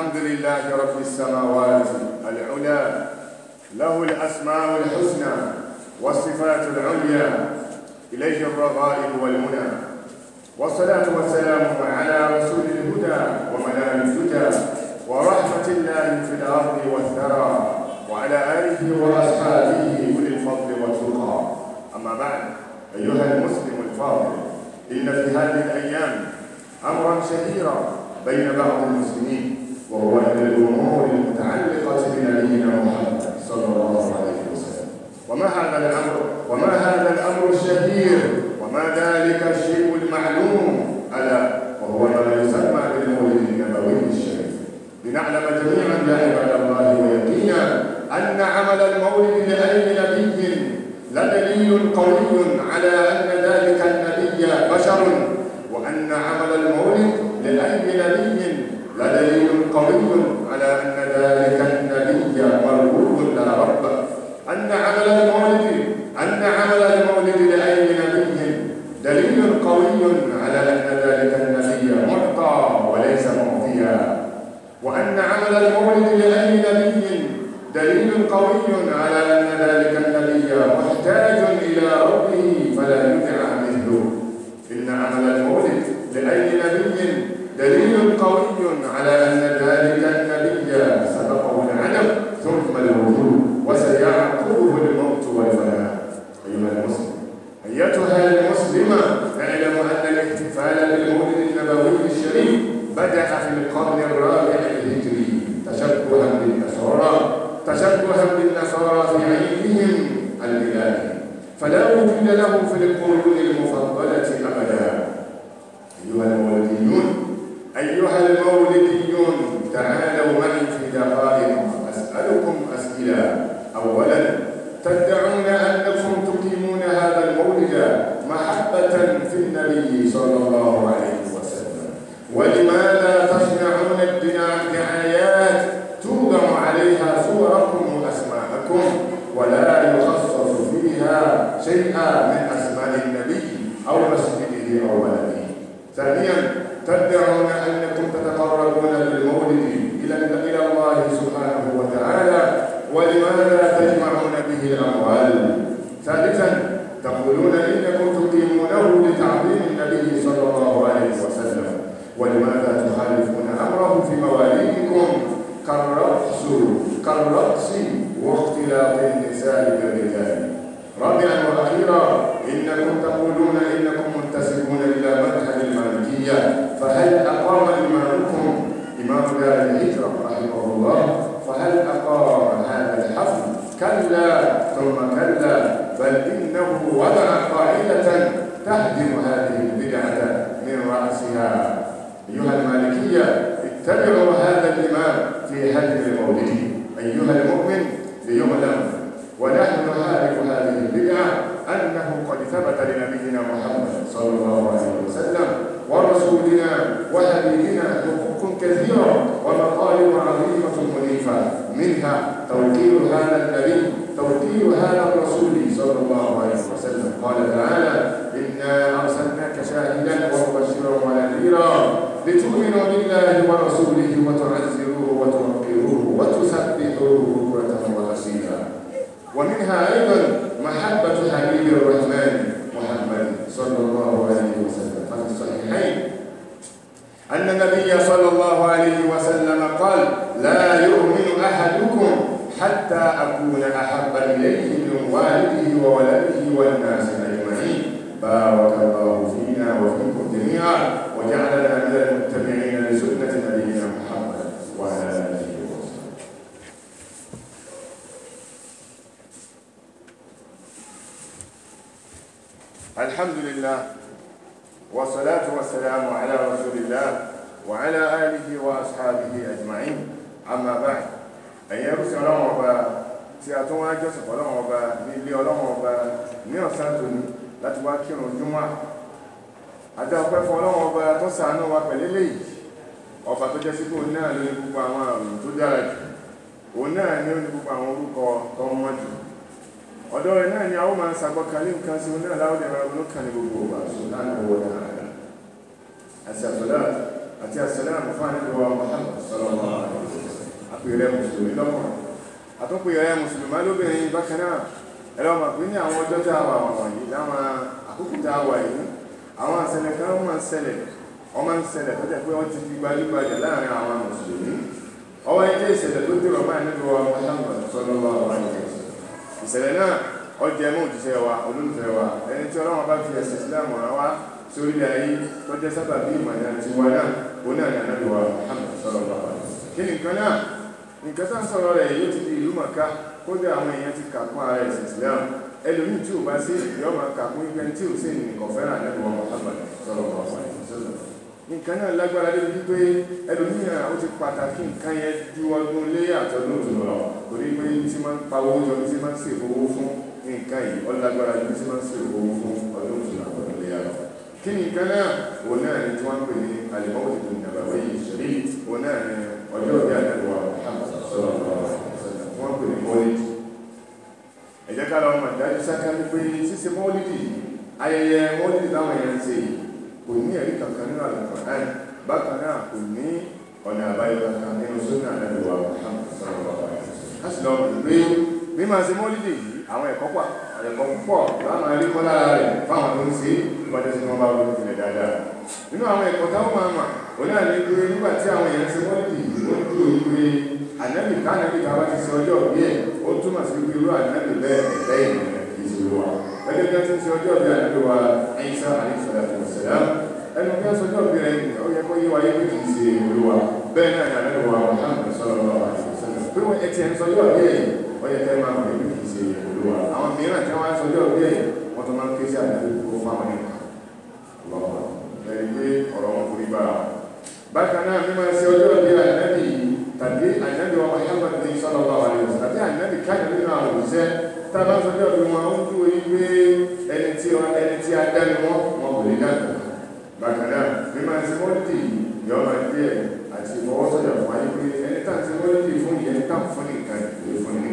الحمد لله رب السماوات العلى له الأسماء الحسنى والصفات العليا إليه الرغائب والمنى والصلاة والسلام على رسول الهدى ومنام الهدى ورحمة الله في الأرض والثرى وعلى آله وأصحابه أولي الفضل والتقى أما بعد أيها المسلم الفاضل إن في هذه الأيام أمرا شهيرا بين بعض المسلمين وهو من الأمور المتعلقة بنبينا محمد صلى الله عليه وسلم وما هذا الأمر وما هذا الأمر الشهير وما ذلك الشيء المعلوم ألا وهو ما يسمى بالمولد النبوي الشريف لنعلم جميعا يا عباد الله ويقينا أن عمل المولد لأي نبي لدليل قوي على أن ذلك النبي بشر وأن عمل المولد لأي نبي لدليل قوي على أن ذلك بالنصارى في عيدهم الإلهي فلا وجود له في القرون المفضلة أبدا أيها المولديون أيها المولديون تعالوا معي في دقائق أسألكم أسئلة أولا بمولده أيها المؤمن ليعلم ونحن نعرف هذه البدعة أنه قد ثبت لنبينا محمد صلى الله عليه وسلم ورسولنا وحبيبنا حقوق كثيرة ومطالب عظيمة منيفة منها توكيل هذا النبي توكيل هذا الرسول صلى الله عليه وسلم قال تعالى إنا أرسلناك شاهدا ومبشرا ونذيرا لتؤمنوا بالله ورسوله وتعزوا واذكروه بكرة وأصيلا ومنها أيضا محبة حبيب الرحمن محمد صلى الله عليه وسلم ففي الصحيحين أن النبي صلى الله عليه وسلم قال لا يؤمن أحدكم حتى أكون أحب إليه من والده وولده والناس أجمعين بارك الله فينا وفيكم جميعا وجعلنا من المتبعين الحمد لله والصلاة والسلام على رسول الله وعلى آله وأصحابه أجمعين أما بعد أيها السلام وبا tí a tún wá jọ́sìn fọ́lọ́wọ́n ọba ní ilé ọlọ́wọ́n ọba ní ọ̀sán tòní láti wá kírun júmọ́ àti ọpẹ́ fọ́lọ́wọ́n ọba tó ṣàánú wa pẹ̀lẹ́lẹ́ yìí ọba tó jẹ́ sípò náà lórí gbogbo àwọn àrùn tó dára jù òun náà ní ó ní gbogbo àwọn orúkọ tó mọ́ jù ọ̀dọ́ rẹ̀ náà ni a ó máa sàgbọ́kalé nǹkan sí oní aláwọ̀dẹ̀ ara wọn kàn ní gbogbo wa láàrin wọn náà àti àtọ́lá àti àtọ́lá àmọ́fà nílùú wa Muhammad sọlọ́mọ àpèrè mùsùlùmí lọ́mọ àtúnpèrè mùsùlùmí lóbìnrin bákan náà ẹ̀rọ mà pé ní àwọn ọjọ́ tá a wà wọ̀nyí láwọn àkókò tá a wà yìí àwọn àṣẹlẹ̀ kan máa ń ṣẹlẹ̀ máa ń ṣẹlẹ̀ tó jẹ́ pé wọ́n ti fi gbajúgbajà láàrin àwọn mùsùlùmí ọwọ́ ẹjẹ́ ìṣẹ̀lẹ̀ tó dèrò máa nílùú wa Muhammad àwọn àyẹ̀kẹ́ ìṣẹ̀lẹ̀ náà ọ jẹ mọ́ òjíṣẹ́ wa olólùfẹ́ wa ẹni tí bá fi ẹ̀sìn ìsìláàmù rán wá sórí ayé sábà bí àti náà ó ní wa bàbá kí ni nǹkan náà nǹkan tá ń sọ̀rọ̀ rẹ̀ yóò ti di ìlú màká àwọn èèyàn ti kà ara tí ò bá sí yóò máa kà fún ibi tí ò sí nǹkan lágbára ó ti pàtàkì nǹkan torí pé tí máa ń pa owó jọ tí máa ń sì fowó fún nǹkan yìí ọlágbára ní tí máa ń sì fowó fún ọdún òṣùlá ọdún lè yára kí ni nǹkan náà òun náà ni tí wọ́n ń pè ní alimọ́wò tó ní àbáwé yìí ṣẹ̀lẹ̀ òun náà ni ọjọ́ òbí àdàlùwà sọ̀rọ̀ wọ́n pè ní mọ́lídì ẹ jẹ́ ká lọ mọ̀ dájú sáká ní pé ṣíṣe mọ́lídì ayẹyẹ mọ́lídì táwọn èèyàn ń ṣe yìí kò ní ẹ̀rí láti lọ mọ̀ pé mímọ̀ sí mọ́lídì yìí àwọn ẹ̀kọ́ pà ẹ̀kọ́ púpọ̀ láwọn ẹ̀ríkọ́ lára rẹ̀ fáwọn tó ń ṣe ìbájọ́ sí wọn bá wọn tilẹ̀ dáadáa nínú àwọn ẹ̀kọ́ táwọn máa mà ó náà ní pé nígbà tí àwọn èèyàn ṣe mọ́lídì yìí wọ́n dúró wípé ànábì kánàbì káwá ti sọ ọjọ́ bí ẹ̀ ó túmọ̀ sí pé irú ànábì bẹ́ẹ̀ bẹ́ẹ̀ ènìyàn kì í ṣe wa ẹgbẹ́ bí wọ́n ti ń ṣe ọjọ́ bí ànábì pé wọ́n ẹtì ẹ̀ ń sọjọ́ ọ̀bí ẹ̀yìn wọ́n yẹ kẹ́ máa mọ̀ ìlú kìí ṣe olúwa àwọn mìíràn tí wọ́n ń sọjọ́ ọ̀bí ẹ̀yìn wọ́n tó máa ń ké sí àdúgbò kó fáwọn nìkan lọ́wọ́ ẹ̀rí pé ọ̀rọ̀ wọn forí bára bákan náà mímọ ẹsẹ ọjọ́ ọ̀bí ànábì tàbí ànábì ọmọ Muhammad ní sọ́lọ́wọ́ àwàlẹ̀ tàbí ànábì káyọ̀ nínú àwọn òṣìṣẹ́ tá a bá wọn ó dúró yí pé ẹni tí ni wọ́n wọn kò ní dàgbà bákan náà mímọ ẹsẹ mọ́lìdì yọ̀ọ́ máa díẹ̀ àti ìfọwọ́sọ̀yà tá à ń fún ní nǹkan fún ní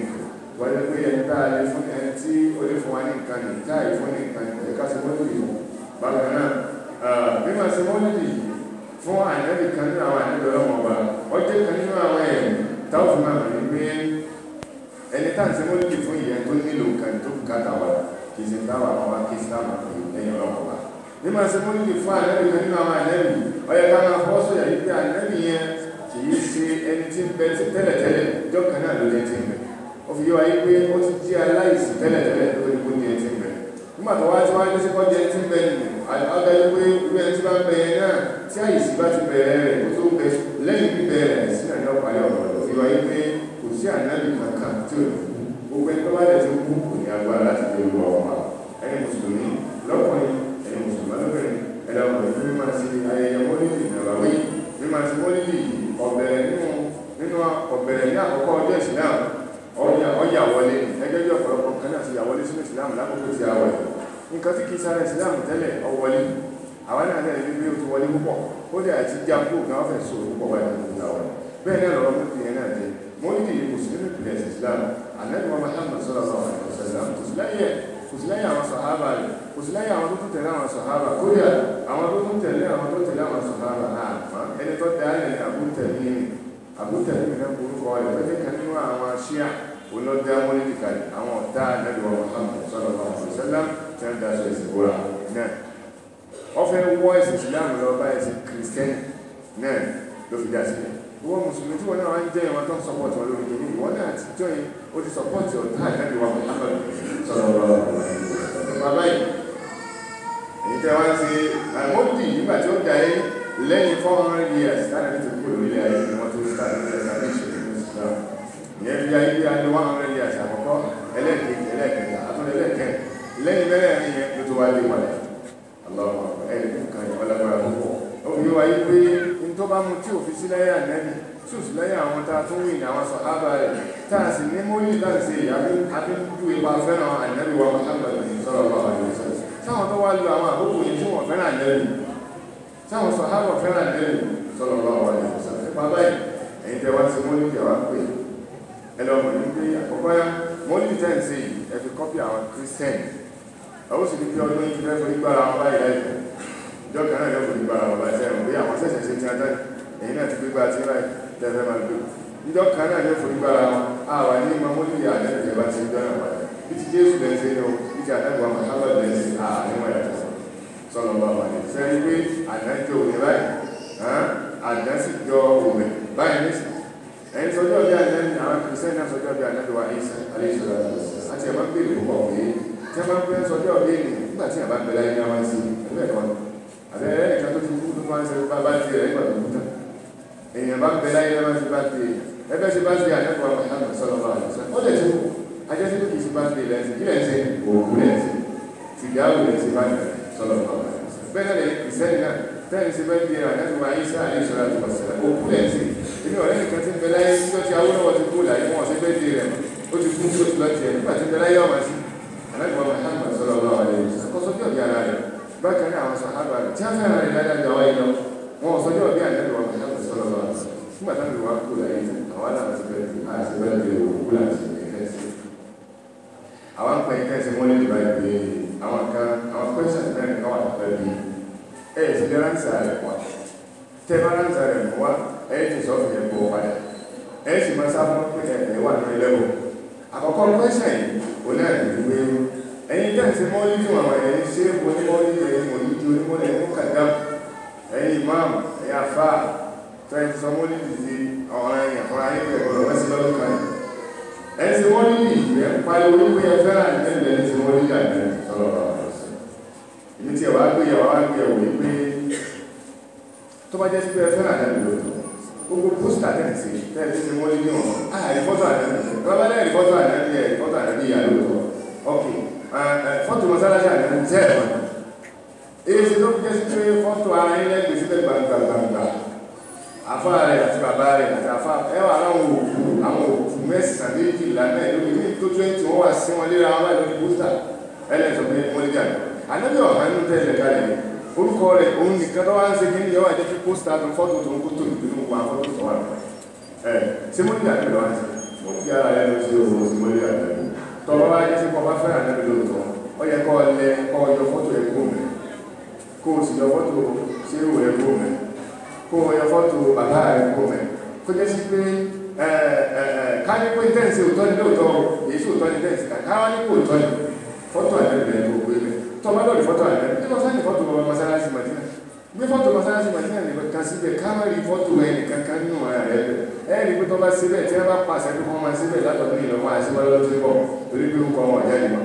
wọ́n pé ẹni tá a lè fún ẹni tí ó lè fún wa ní nǹkan ní tá a lè fún ní nǹkan ní ẹ̀ka sí mọ́lìdì yìí bákan náà bí wọ́n sí mọ́lìdì yìí fún àìlẹ́bì kan nínú àwọn àìlẹ́bì ọlọ́wọ́n ọba ó jẹ́ kan nínú àwọn ẹ̀mí táwọn fún àwọn ẹ̀mí pé ẹni tá à ń sí mọ́lìdì fún ìyẹn tó nílò nǹkan tó kù káta wa kì í ṣe táwa àwọn kì í ṣe táwa lẹ́yìn ọlọ́wọ́n ọba bí kìí ṣe ẹni tí ń bẹ ti tẹ́lẹ̀tẹ́lẹ̀ ìjọ kan náà ló jẹ́ ti ń bẹ ó fi yé wa yí pé ó ti jẹ́ aláìsí tẹ́lẹ̀tẹ́lẹ̀ lórí kó jẹ́ ti ń bẹ nígbà tó wá tí wá ní síkọ́ jẹ́ ti ń bẹ nìyẹn adájọ́ pé ìwé ẹni tí bá ń bẹ yẹn náà tí àìsí bá ti bẹ̀rẹ̀ rẹ̀ kó tó bẹ lẹ́yìn bíbẹ̀rẹ̀ sí náà ní ọ̀pá ó fi wá yí pé kò sí ànábì nǹkan tí kìí sára ìsìláàmù tẹ́lẹ̀ ọwọlé àwọn náà náà ní bí ó ti wọlé púpọ̀ ó dẹ̀ àti jápó gan fẹ̀ so púpọ̀ wáyé nínú àwọn bẹ́ẹ̀ náà lọ́rọ́ mọ́tì yẹn náà jẹ́ mọ́tì yìí kò sí nínú ìpìlẹ̀ ìsìláàmù ànábì wọn Muhammad sallallahu alaihi wasallam kò sí láyé kò sí láyé àwọn sàhábà rẹ̀ kò sí láyé àwọn tó tún tẹ̀lé àwọn sàhábà kódà àwọn tó tún tẹ̀lé àwọn tó tẹ̀lé àwọn sàhábà àmọ́ ẹni tó dá ẹ̀ àbútẹ̀lé tí wọ́n daṣọ ẹ̀sìn bóra náà wọ́n fẹ́ wọ́ ẹ̀sìn ìsìláàmù lọ bá ẹ̀sìn kìrìsìtẹ́nì náà ló fi dá sílẹ̀ wọ́n mùsùlùmí tí wọ́n náà wá ń jẹ́ ìwọ́n tó support your wọn lórí kìíní ìwọ́n náà ti jọ yìí ó ti sọpọ́ọ̀tì ọ̀tá ìdájọ́ wa mọ̀ bàbá yìí èyí tẹ́ wọ́n ti àmọ́dì nígbà tí ó da yé lẹ́yìn four hundred years láti fi tó kúrò nílé ayé ni wọ́n tó ń ta ní ẹ̀sán ní ìṣẹ̀lẹ̀ ìṣẹ̀lẹ̀ ìyẹn fi ayé lẹ́yìn mẹ́rẹ̀ẹ̀rin yẹn ló tó wá lé padà aláwọ̀ ẹ̀rẹ̀ nǹkan ìpalagbára púpọ̀ òun wáyé pé n tó bá mu tí òfin sí láyé ànẹ́bì tí ò sí láyé àwọn tá a tún wí ní àwọn sàhábà rẹ̀ tá a sì ní mọ́lì láti ṣe àbíjú ipa fẹ́ràn ànẹ́bì wa Muhammad sọ̀rọ̀ bá wà lóṣù táwọn tó wá lu àwọn àkókò yìí tí wọ́n fẹ́ràn ànẹ́bì táwọn sàhábà fẹ́ràn ànẹ́bì sọ̀rọ̀ bá wà lóṣù nípa báyìí ẹ̀yin tẹ́ wá sí mọ́lì tẹ́ wá pé ẹ lọ́mọ ní pé àkọ́kọ́ yá mọ́lì tẹ́ ẹ fi kọ́pì àwọn kírísítẹ́nì àwọn sì ní kí ọdún yìí fẹ́ forí gbára wọn báyìí láìpẹ́ ìjọ kan náà yóò forí gbára wọn báyìí sẹ́yìn pé àwọn sẹ̀sẹ̀ ṣe ti ajá èyí náà ti gbé gba tí báyìí tẹ́fẹ́ máa gbé ìjọ kan náà yóò forí gbára wọn àwa ní ìmọ̀ mọ́tò ìyá àdẹ́rù ìjọba ti ń dọ́nà wáyé bí ti Jésù lẹ́ ṣe ní o bí ti àdẹ́rù wa Muhammad lẹ́ ṣe àníwọ̀n yàtọ̀ sọ̀rọ̀ bá wà ní sẹ́yìn pé àdájọ́ tí wọ́n fẹ́ sọjọ́ ọ̀dẹ́ ènìyàn nígbà tí àbá bẹ̀rẹ̀ ayé wọn sí ẹgbẹ́ ẹ̀kọ́ ni àbẹ̀rẹ̀ ẹ̀ka tó ti kú ló máa ń ṣe bá bá ti rẹ̀ nígbà tó kú tán èèyàn bá bẹ̀rẹ̀ ayé wọn sí bá ti ẹgbẹ́ sí bá ti àjẹkọ̀ọ́ Muhammad sallallahu alaihi wasallam ó lè ti kú ajẹ́sí tó kì í sí bá ti lẹ́sìn kí lẹ́sìn òkú lẹ́sìn tìgáwò lẹ́sìn bá ti sallallahu alaihi wasallam bẹ́ẹ̀ náà ìsẹ́yìn náà tẹ́lẹ̀ sí bẹ́ẹ̀ di ẹ̀rọ àjẹ́sùnmọ̀ àyíṣẹ́ àyíṣẹ́ àti ọ̀sẹ̀ òkú lẹ́sìn inú ọ̀rẹ́ nìkan ti ń bẹ láyé nígbà tí awúrọ̀wọ̀ ti kú láyé wọn ọ̀sẹ̀ bẹ́ẹ̀ di rẹ̀ bákan náà àwọn sàhábà rẹ̀ tí a fẹ́ràn rẹ̀ dáadáa jọ wáyé lọ wọn ò sọjọ́ bí àná ìwà mọ̀tá kò sọ́lọ́ wa fún àtàwọn ìwà kú láyé ní àwọn aláwọ̀ ti bẹ̀rẹ̀ fún àti bẹ̀rẹ̀ bẹ̀rẹ̀ wò kú láti ẹ̀kẹ́ sí. àwọn ń pẹ́ ẹ̀kẹ́ sí wọ́n lè dìbà ìgbé àwọn kan àwọn pẹ́sẹ̀ntì mẹ́rin kan wà pẹ́ bí ẹ̀ ẹ̀ ti lè ránṣà rẹ̀ wá tẹ́ bá ránṣà rẹ̀ wá ẹ̀ ti sọ fìyẹ̀ bọ̀ padà ẹ̀ sì máa sábà pé ẹ̀ wà ní ẹlẹ́wọ̀ àkọ́kọ́ pẹ́sẹ̀ yìí ẹ̀yin tẹ́ǹsì mọ́lídì wà wáyé ẹ̀yin ṣe é onímọ́lídì ẹ̀yin mọ̀lídì onímọ́lẹ̀ ẹ̀yin kàdám ẹ̀yin imam ẹ̀yin afá tẹ́ǹsì sọ mọ́lídì sí ọ̀ràn ẹ̀yìn fún ayé pẹ̀lú ẹ̀sì lọ́dún kan ẹ̀yin ṣe mọ́lídì ẹ̀ pariwo wípé ẹ fẹ́ràn nílẹ̀ ẹ̀yin ṣe mọ́lídì àgbẹ̀ sọ̀rọ̀ ibi tí ẹ̀wà gbé yàwá gbé ẹ̀wò wípé tó bá jẹ́ sí pé ẹ fẹ́ràn àgbẹ̀ lọ́dún gbogbo pósítà tẹ́ǹsì tẹ́ǹsì ṣe mọ́lídì ọ̀ràn àìrìfọ́tò àgbẹ̀ rárá ẹ̀rìfọ́tò àgbẹ̀ ẹ̀rìfọ́tò yà lóòótọ́ ọkùnrin fọ́tò mọ́sálásí àyẹ̀wò tẹ́ ẹ̀ mọ́ni èsì tó jẹ́ sí pé fọ́tò ara yín lẹ́gbẹ̀ẹ́ sílẹ̀ gbàgbàgbà àfá rẹ̀ àti bàbá rẹ̀ àti àfá ẹwà àwọn òkú àwọn òkú mẹ́sàn-án méjì lánàá ìlú ní tó tó ẹ̀tì wọ́n wà sí wọn léra wọn lórí pósítà ẹlẹ́sọ̀ pé wọ́n lè dàgbà ànábì ọ̀hán nínú tẹ́lẹ̀ kalẹ̀ orúkọ rẹ̀ òun nìkan tó wá ń ṣe kíní yọwọ́ àjẹ́ fi pósítà tó fọ́tò tó ń kó tó ìbínú tọ́ba wá yẹ sí kọba fẹ́ràn lẹ́bi lóòótọ́ ó yẹ kọ́ lẹ kọ́ fọ́tò ẹ̀ mẹ́ kó o sì yọ fọ́tò sírù ẹ̀ kó mẹ́ kó o yọ fọ́tò bàbá ẹ̀ kó mẹ́ kó jẹ́ sí pé káyé pé tẹ́ǹsì òótọ́ ni lóòótọ́ èyí sì òótọ́ ni tẹ́ǹsì káwá ní kó òótọ́ ni fọ́tò àlẹ́bi ẹ̀ kó gbé mẹ́ tọ́ba lọ́ọ̀dì fọ́tò àlẹ́bi tí wọ́n sáyẹn fọ́tò bàbá mọ́sálásí màdínà gbé fọ́tò mọ́sálásí màdínà nìkan síbẹ̀ káwá rí fọ́tò ẹ̀ nìkan kan nínú ara rẹ̀ bẹ̀rẹ̀ ẹ̀rí pé tó bá síbẹ̀ tí wọ́n bá pàṣẹ pé wọ́n máa síbẹ̀ látọ̀dún ìlú wọn àti wọ́n lọ́tún bọ̀ torí pé orúkọ wọn jáde mọ́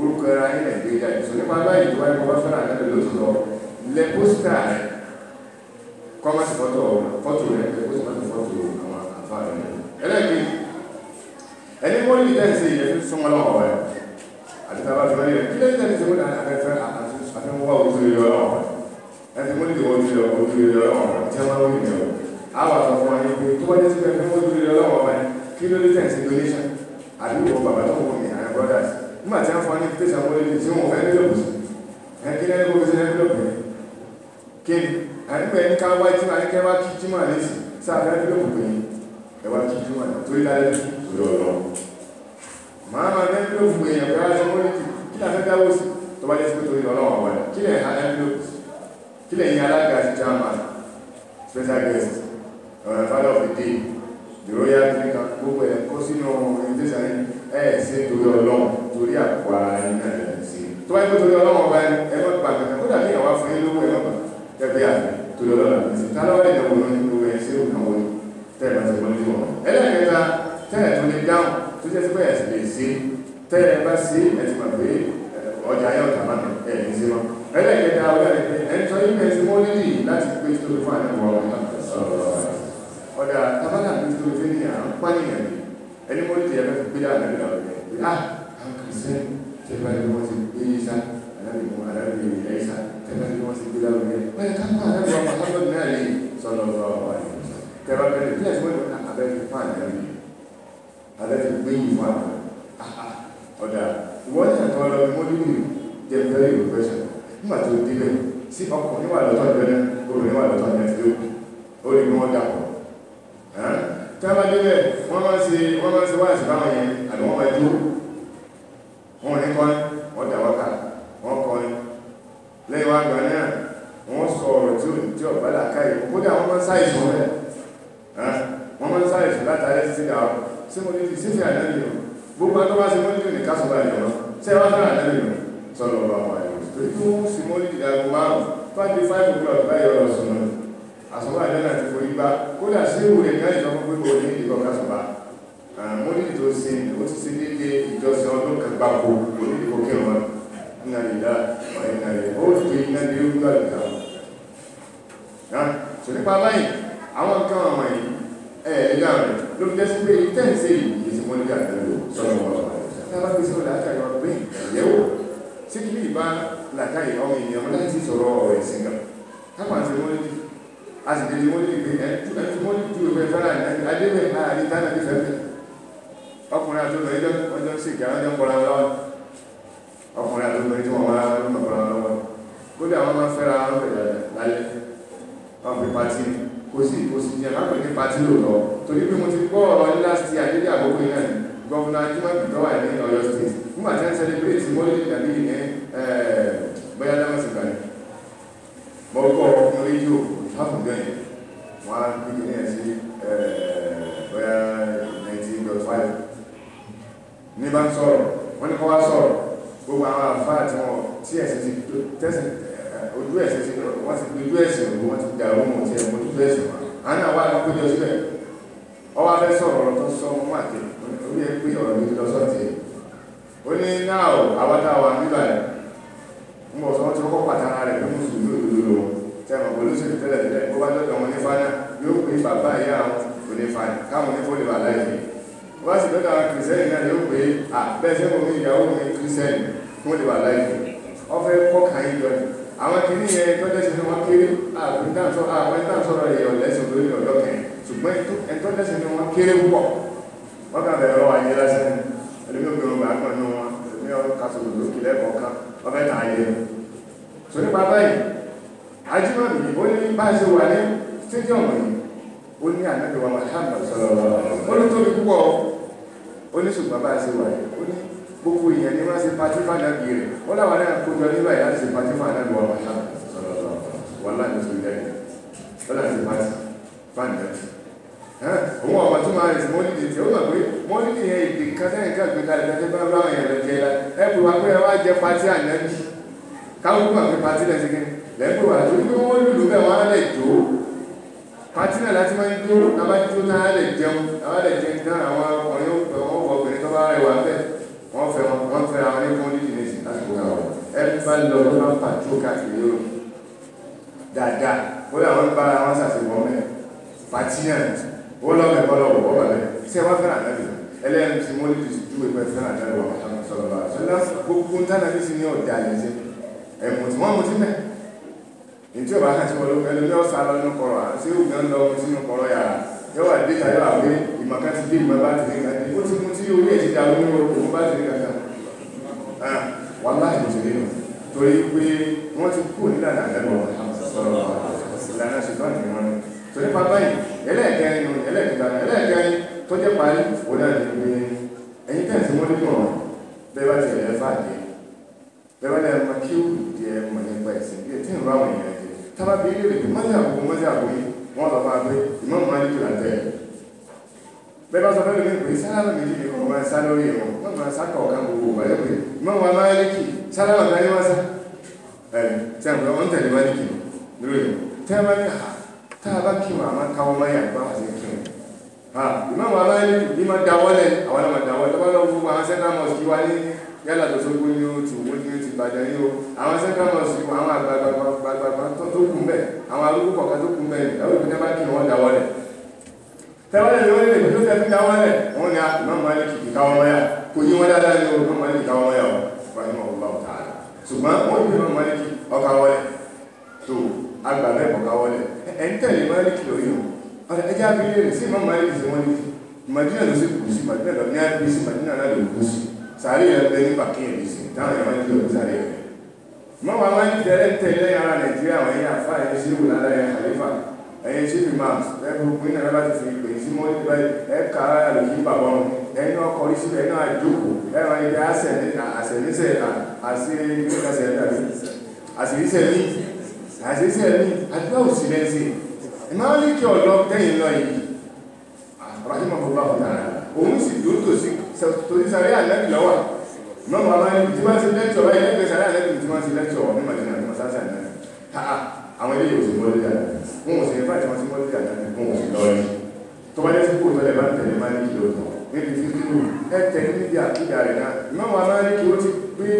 orúkọ ara ní nàìjíríà ìṣó nípa báyìí tó wáyé bọ́ fẹ́ràn àgbẹ̀ ló sọ lẹ pósítà rẹ kọ́másì fọ́tò fọ́tò rẹ lẹ pósítà fọ́tò àwọn àfa rẹ ẹlẹ́gbẹ́ ẹni wọ́n ní ìtẹ́sí ìyẹn fi súnmọ́ lọ́wọ́ rẹ àti tábà tó wáyé kí lẹ́yìn tẹ́lẹ̀ tí wọ́n náà afẹ́fẹ́ àfẹ́wọ́ ojú ìyọ́ ọ̀rọ̀ ẹ àwọn àtọ̀fọ̀ ẹ̀yìn pé tó bá jẹ́ sí pé ẹni wọ́n lórí ọlọ́wọ́ ọba yẹn kí ló dé tẹ̀sí donation àbí ìwọ mi àwọn brothers nígbà tí wọ́n fọ́ ní tẹ̀sán wọlé ní tí wọ́n fẹ́ envelope ẹni kí lẹ́nu gbogbo sí envelope yẹn kí ni àdúgbò ẹni ká wá jímọ̀ ẹni kẹ́ wá kí jímọ̀ lé sí sáfẹ́ envelope pé ẹ wá kí jímọ̀ náà torí lálẹ́ torí ọ̀nà màá máa ní envelope pé ẹ̀yàn pé wá sọ wọlé kí làfẹ́ dáwọ́ sí tó bá jẹ́ sí pé torí ọlọ́wọ́ ọba kí lẹ̀ ha envelope kí lẹ̀ yín alága sí german special guest mùsùlùmí ni àwọn pàníyàn ni ẹni mo ti ẹ̀rọ fi gbéyà àdábì làwọn ẹ̀rọ pé ah àwọn kìrìsìtẹ́nì tẹ́fà ni wọ́n ti gbé yín sá àdábì wọn àdábì yìí ẹ̀ sá tẹ́fà ni wọ́n ti gbé làwọn ẹ̀rọ pé kápá àdábì wọn Muhammad náà ni sọ̀nà ọ̀rọ̀ wọn kẹrọ bẹ̀rẹ̀ bí ẹ̀sìn wọn abẹ́ fi fún àdábì abẹ́ fi gbé yín fún àdábì ọ̀dà ìwọ́n ti àtọ́ lọ mọ́ nínú jẹ́ very professional nígbà tó débẹ̀ sí ọkùnrin wà lọ́tọ̀ ìbẹ̀rẹ̀ obìnrin wà lọ́tọ̀ ìbẹ̀rẹ̀ ó rí wọn dáa tábàdé bẹ̀ wọ́n máa ṣe wọ́n máa ṣe wáàsí báwọn yẹn àti wọ́n máa jó wọ́n ní kọ́ni wọ́n dà wọ́kà wọ́n kọ́ni lẹ́yìn wá gbà náà wọ́n sọ ọ̀rọ̀ tí ò ní tí ọ̀bá làkà yìí kódà wọ́n máa ṣàìsàn rẹ̀ wọ́n máa ṣàìsàn látàrí sí àwọn sí mo ní ti sí fìyà náà nìyọ gbogbo àtọ́ bá ṣe mo ní ti nìka sọ báyìí lọ ṣé wá fẹ́ràn náà àsọ̀bá ìlẹ́nà ti forí bá kódà sí ìwò rẹ̀ ká ìjọba pé kò ní ìdíkọ̀ kásọ̀bá mo ní ìtò sí ó ti sí dédé ìjọsìn ọdún kan gbáko kò ní ìdíkọ̀ kírun nínú ìdá ọ̀yìnà rẹ̀ ó ti fi iná dé orúkọ àlùkà sọ nípa báyìí àwọn nǹkan àwọn yìí ẹ̀ẹ́dá rẹ̀ ló fi jẹ́sí pé ìtẹ́ǹsì yìí ti mọ́ nígbà tó lò sọ́nà wọn tí a bá gbèsè ọ̀là àtàrí ọ̀rọ̀ pé ẹ̀yẹ́wò tí kìlì bá làkàyè ọmọ asìkè ni eh, eh, wọ́n lè gbé ẹtù wọ́n lè ju ìwé fẹ́rẹ́ àìlẹ́gbẹ̀ adébẹ̀ náà àrí tánà bí fẹ́rẹ́ ọkùnrin àtúntò ẹjọ́ ọjọ́ sì gà ọjọ́ pọ̀ra lọ́wọ́ ọkùnrin àtúntò ẹjọ́ wọn wọ́n lọ́wọ́ pọ̀ra lọ́wọ́ kódà wọ́n máa fẹ́ra wọn fẹ̀rẹ̀ lálẹ́ wọn fi pati kò sí kò sí jẹ́ máa pèlè pati lò lọ torí bí mo ti gbọ́ ọ̀rọ̀ ní last year nílé àkókò yìí náà gọ́vùnà jimá bìtọ́wà ní Ọ̀yọ́ state nígbà tí wọ́n celebrate mọ́lẹ́ tàbí ní eh, bẹ́yà lọ́wọ́ fáfù bẹ́ẹ̀ wọ́n á bí kí ní ẹ̀ sí bóyá 19.5 ní bá ń sọ̀rọ̀ wọ́n ní kọ́ wá sọ̀rọ̀ gbogbo àwọn àfáà tí wọ́n tí ẹ̀sìn ti tẹ́sìn ojú ẹ̀sìn ti wọ́n ti dojú ẹ̀sìn òru wọ́n ti dà òun mọ̀ tí ẹ̀mọ́ dojú ẹ̀sìn wa àwọn àwọn àwọn akójọ síbẹ̀ ọwọ́ afẹ́ sọ̀rọ̀ ọ̀rọ̀ tó sọ wọn àti orí ẹ̀ pé ọ̀rọ̀ mi lọ sọ́ọ̀tì ó ní náà àwátá wa nígbà rẹ̀ ń bọ̀ sọ wọn ti kọ́kọ́ pàtàkì rẹ̀ pé mùsùlùmí òdodo lòun tẹmọ olóṣèlú tẹ́lẹ̀ tẹ́lẹ̀ bó bá lọ́dọ̀ wọn ní fánà yóò pé bàbá ìyá àwọn onífàní káwọn onífòlè wà láìpẹ́ wọ́n sì lọ́dọ̀ àwọn kìrìsẹ́nì náà yóò pé àbẹ́sẹ̀ omi ìyàwó mi kìrìsẹ́nì fún olè wà láìpẹ́ ọfẹ́ kọ́kà yìí lọ àwọn kìíní yẹn tọ́lẹ́sẹ̀ ni wọ́n kéré àwọn ìtàn sọ̀rọ̀ yẹ ọ̀lẹ́sìn lórí ọ̀dọ́ kẹrin ṣùgbọ́n ẹ̀tọ́lẹ́sẹ̀ ni wọ́n kéré púpọ̀ wọ́n kà bẹ̀rẹ̀ ọwọ́ ayé lásán ẹlẹ́mí obìnrin ọgbà kan ní wọn ẹlẹ́mí ọkà sọ̀rọ̀ lókè lẹ́kọ̀ọ́ kan ọfẹ́ tà ayé rẹ̀ sọ nípa báyìí ajímọ̀bì ó ní bá ṣe wà ní stadium yìí ó ní ànábì wa Muhammad ó ní tóbi púpọ̀ ó ní ṣùgbọ́n bá ṣe wà ó ní gbogbo ìyẹn ni wọ́n ṣe pati fànàbì rẹ̀ ó láwọn náà kójọ nígbà yìí láti ṣe pati fànàbì wa Muhammad wọ́n láti ṣe lẹ́yìn ó láti pati fànàbì òun ọ̀pá tó máa rìn mọ́lìdì tí ó mọ̀ pé mọ́lìdì yẹn èdè kan sẹ́yìn kan gbé kalẹ̀ tẹ́tẹ́ bá bá àwọn èèyàn lọ jẹ́ ẹ pè pé ẹ wá jẹ pati ànábì káwọn gbà pé pati lẹ́sìn kí lẹ́gbẹ̀ẹ́ wà tó gbé wọ́n lùlù bẹ́ẹ̀ wọ́n á lẹ̀ jó pátínà láti máa ń jó abájútó náà lẹ̀ jẹun àwọn lẹ̀ jẹun náà àwọn ọkùnrin wọn wọ obìnrin tó bá rẹwà bẹ́ẹ̀ wọ́n fẹ́ wọn wọ́n fẹ́ àwọn ẹ̀kọ́ ní jìnnìsì láti wọ àwọn ẹni bá lọ ló máa ń pàtó káàkiri lóru dáadáa ó lè àwọn bára wọn ṣàṣeyọrí mẹ́rin pátínà ó lọ mẹ́kọ́ lọ́wọ́ wọ́n bàbẹ̀ sí ẹ wá fẹ́ràn náà lè ẹlẹ́yìn tí wọ́n lè ju ẹgbẹ́ fẹ́ràn náà lọ́wọ́ àwọn ẹ̀mùtí wọ́n mú sí mẹ́rin ntí o bá kàn sí wọlé ẹni yóò sá lọ nínú kọ̀rọ̀ àti ewu gan lọ sínú kọ̀rọ̀ yàrá yóò wà dé tayọ àgbé ìmọ̀ká ti dé ìmọ̀ bá ti rí kàdé ó ti mú tí orí ẹ̀ ti dà lórí orúkọ bá ti rí kàdé wọn láì lè rí nù torí pé wọ́n ti kú nílànà àdẹ́gbọ̀n sọ̀rọ̀ ìlànà ṣùgbọ́n ní wọn torí pa báyìí ẹlẹ́ẹ̀kẹrin ẹlẹ́ẹ̀kẹta ẹlẹ́ẹ̀kẹrin tó parí òun náà ni pé ẹ̀yin tẹ̀sí wọn nínú ọ̀rọ̀ bẹ́ẹ̀ bá ti rẹ̀ fà dé bẹ́ẹ̀ bá lẹ́ẹ̀ máa kí ó dì tábà bí ilé rẹ̀ mọ́lẹ̀ àbò mọ́lẹ̀ àbò yìí wọ́n lọ máa pé ìmọ̀ máa ní jùlọ tẹ́ bẹ́ẹ̀ bá sọ fẹ́ lómi pé sálára méjì ni ọmọ ẹ̀sá lórí ẹ̀wọ̀n wọ́n máa sákọ̀ ọ̀gá gbogbo wà lẹ́pẹ́ ìmọ̀ wa máa ní kì sálára ọ̀gá ni wọ́n sá ẹ̀ tí àwọn ọ̀n tẹ̀lé máa ní kì lórí ẹ̀wọ̀n tẹ́ máa ní ha tá a bá kí wọn àmọ́ káwọ́ máa yà gbá wà sí kí wọn. ìmọ̀ wa máa ní kì bí dáwọ́lẹ̀ àwọn ọmọ dáwọ́lẹ̀ yálà tó sógbó ní o tù wó ní o ti bàjẹ́ o àwọn central mosque àwọn àgbàgbàgbà tó kù mbẹ àwọn arúgbó kọ̀ọ̀kan tó kù mbẹ ìdáwó ìpínlẹ̀ bá kí wọ́n dáwọ́ lẹ̀ tẹ́wọ́lẹ̀ ló lè tó tẹ́ fi dáwọ́ lẹ̀ wọ́n ni Imam Malik kì káwọ́ mọ́yà kò yí wọ́n dáadáa ní o Imam Malik káwọ́ mọ́yà o fàánù ọ̀gbà ọ̀tá rẹ̀ ṣùgbọ́n wọ́n yí Imam Malik ọkàwọ́ lẹ̀ tó àgbà mẹ́kọ̀ọ́ káwọ́ lẹ̀ ẹ̀ ń tẹ̀lé Malik lórí o ọ̀rẹ́ ẹjá fi lè sí Imam Malik sí wọ́n ní Madina ló sì kù sí Madina lọ ní àbí sí Madina lọ sàárè yẹn bẹ ní pàkíyàn ní sí táwọn èèyàn ń lò sàárè yẹn mọ́ wa máa ń tẹ̀lé tẹ̀lé ara nàìjíríà wọ̀nyí àfá ẹ̀yẹ sí ìwò lára ẹ̀yẹ àlefa ẹ̀yẹ sí imams ẹ̀kọ́ gbé náà bá ti fi pè sí mọ́ nípa ẹ̀ka àlòkí bàbá wọn ẹ̀yìn ọkọ̀ orí síbẹ̀ náà àjòkó ẹ̀rọ ẹ̀yẹ àṣẹ̀níṣẹ̀ àṣẹ̀níṣẹ̀ ní àṣẹ̀níṣẹ̀ ní àdúrà òsì lẹ́sì ìmáwálé kí ọ̀dọ́ tẹ́yìn lọ yìí rahimahullah ta'ala òun sì dúró tòsí torí sáré àlẹ́bì lọ́wọ́ lọ́mọ àwọn ẹni tí wọ́n ti lẹ́tọ̀ ọ̀rẹ́ ẹgbẹ́ sáré àlẹ́bì tí wọ́n ti lẹ́tọ̀ ọ̀rọ̀ ní màjínà ní masasa náà taa àwọn ilé ìwòsàn mọ́lẹ́ dà wọn ò sì ní fàtí wọn sí mọ́lẹ́ dà náà wọn ò sì lọ rí tó bá dẹ́sí kó tọ́lẹ̀ bá tẹ̀lé má ní ìlú ọ̀tọ̀ níbi tí kílù ẹ tẹ̀lé níbi àkídà rẹ̀ náà mọ́mọ àwọn ẹni kí ó ti gbé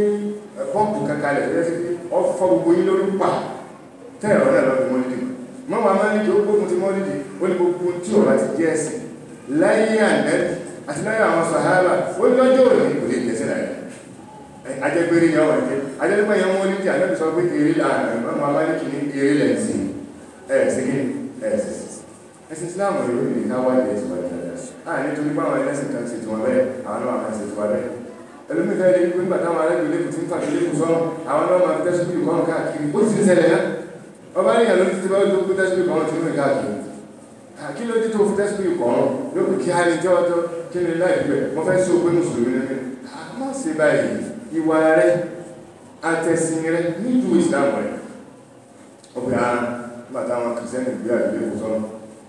pọ́ǹpù kankalẹ̀ tó dẹ́sí ọ̀fọ́ gbogbo yín lórí pa tẹ́ẹ̀rọ náà lọ́dún mọ́lẹ́dì mọ́mọ àwọn ẹni kí ó gbógun ti mọ́lẹ́dì ó ní gbogbo tí ọ̀rọ̀ ti jẹ́ ẹ̀sìn láyé ànẹ́bì àti lẹ́yìn àwọn sàhábà ó lọ́jọ́ òní kò lè tẹ̀sí náà ajẹ́gbére ni ọwọ́ ìjẹ́ ajẹ́gbére yẹn wọ́n ní tí àjẹ́bí sọ pé eré láàrin ọmọ amálẹ́kì ní eré lẹ́sìn ẹ̀ẹ́sìnkí ẹ̀ẹ́sìnkí ẹ̀sìn Islam rẹ̀ lórí ìkáwà ilẹ̀ ìsìnkú àà nítorí báwọn ẹlẹ́sìn kan ṣe tiwọn bẹ́ẹ̀ àwọn náà kan ṣe tiwọn bẹ́ẹ̀ ẹlòmíkà ilé wípé nígbà táwọn arẹ́bí ilé kù tí ń fà ilé kù sọ́rọ̀ àwọn náà máa fi tẹ́sí bí ìkọ́rùn káàkiri ó sì ń ṣẹlẹ̀ náà ọba ní ìyàló ti bá ló pé tẹ́sí bí ìkọ́rùn tí ó rìn káàkiri kí ló dé tó fi tẹ́sí bí ìkọ́rùn ló kù kí á lè jẹ́ ọjọ́ kí ni láì pẹ̀ mo fẹ́ sí ogún mùsùlùmí lẹ́nu àmọ́ sí báyìí ìwà rẹ àtẹ̀sìn rẹ níjú islam rẹ ọgbẹ́ ara bàtà àwọn kìrìsẹ́nì ìgbé àgbé ìwòsàn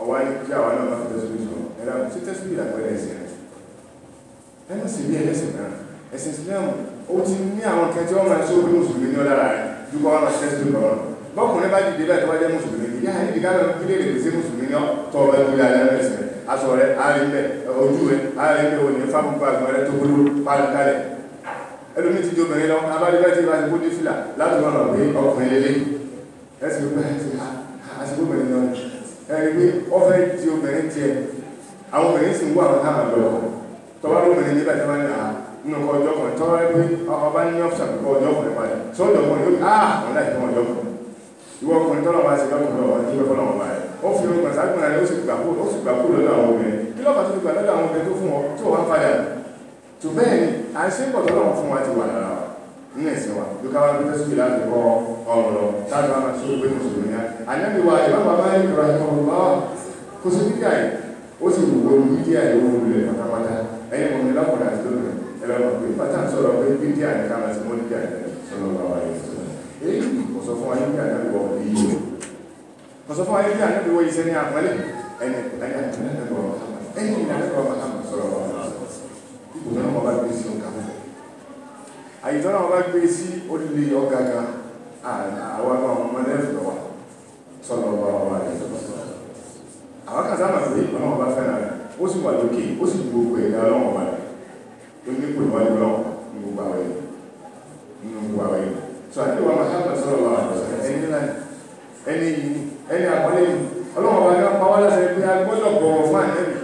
ọwá ní kí àwọn náà máa fi tẹ́sí ìṣòro ẹ̀rọ sí tẹ́sí ìlàpẹ̀rẹ̀ ẹ̀sìn rẹ ẹ̀mọ́ sì bí ẹlẹ́sìn náà ẹ̀sìn islam ó ti ní àwọn kẹtí ọmọ ẹ̀sọ́ ogún mùsùlùmí ní ọlára rẹ ju kọ́ ọmọ tẹ́sí ìlọ́rọ̀ bọ́kùnrin bá dìde bẹ́ẹ̀ tó wá jẹ́ mùsùlùmí ní yáà ní ìdíkà lọ kílé rẹ̀ pèsè mùsùlùmí ní tọ́ ọba ìgbé alẹ́ ẹ̀sìn rẹ aṣọ rẹ̀ àárí mẹ́ ojú rẹ̀ àárí mẹ́ òní fábùkù àgbọ̀n rẹ̀ tó gbóló pálọ̀kálẹ̀ ẹlòmí ti di obìnrin lọ abájúgbà tí ìbá ti kó dé fìlà láti mọ̀ pé ọkùnrin lélẹ̀ ẹsì ló bẹ́ẹ̀ ti àsìkò obìnrin lọ ẹni pé ó fẹ́ di obìnrin tiẹ̀ àwọn obìnrin sì ń wọ àwọn táwọn lọ tọ́wọ́ lóbìnrin nígbà tí wọ́n ń rà nínú ọkọ̀ ọjọ́ kan tọ́wọ́ pé ọba ní ọ̀fíṣà kọ́ ọjọ́ kan padà sọ́dọ̀ kan yóò ah wọn láì tọ́ ọjọ́ kan ìwọ ọkùnrin tọ́lọ̀ wá sí lọ́kùnrin lọ́wọ́ ó fi ohun gbàságbọ̀n rẹ̀ ó sì gbà kúrò ó sì gbà kúrò lọ́dọ̀ àwọn obìnrin kí lọ́pàá tó fi gbà lọ́dọ̀ àwọn obìnrin tó fún ọ tí ò wá padà tó bẹ́ẹ̀ ni à ń ṣe pọ̀ tọ́lọ́wọ́ fún wa ti wà lára nínú ẹ̀sìn wa ló ká wá gbé fẹ́sùkì láti kọ́ ọ̀rọ̀ lọ táàbí wa máa ṣe ó gbé mùsùlùmí á ànábì wa ìbámu abáyé ìrọ̀ àìkọ́ ọ̀rọ̀ bá sọ fún wa yẹ kí ànábì wọ iṣẹ́ ní àpẹẹlẹ ẹni ẹni ànábì wọ ẹni ànábì wọ hàn sọ̀rọ̀ wọn ibò náà wọn bá gbé sí ọgá mọ àyíká náà wọn bá gbé sí olùlé ọgá ga àwọn ọmọ ọmọ lẹfù lọ́wọ́ sọlọ ọba ọba rẹ àwọn kan sábà pé ọmọ ọba fẹ́ràn rẹ ó sì wà lókè ó sì gbogbo ẹ̀dá ọlọ́wọ́ ọba rẹ ó ní pè wáyé ọlọ́wọ́ ní gbogbo àwọn ẹ̀dá nínú gbogbo àwọn ẹ̀dá sọ àdéhùn àwọn sábà sọlọ ẹni àpọ́lé yìí ọlọ́wọ́ wa ní ọpá wá lẹ́sẹ̀ pé a gbọ́dọ̀ fún ànẹ́bì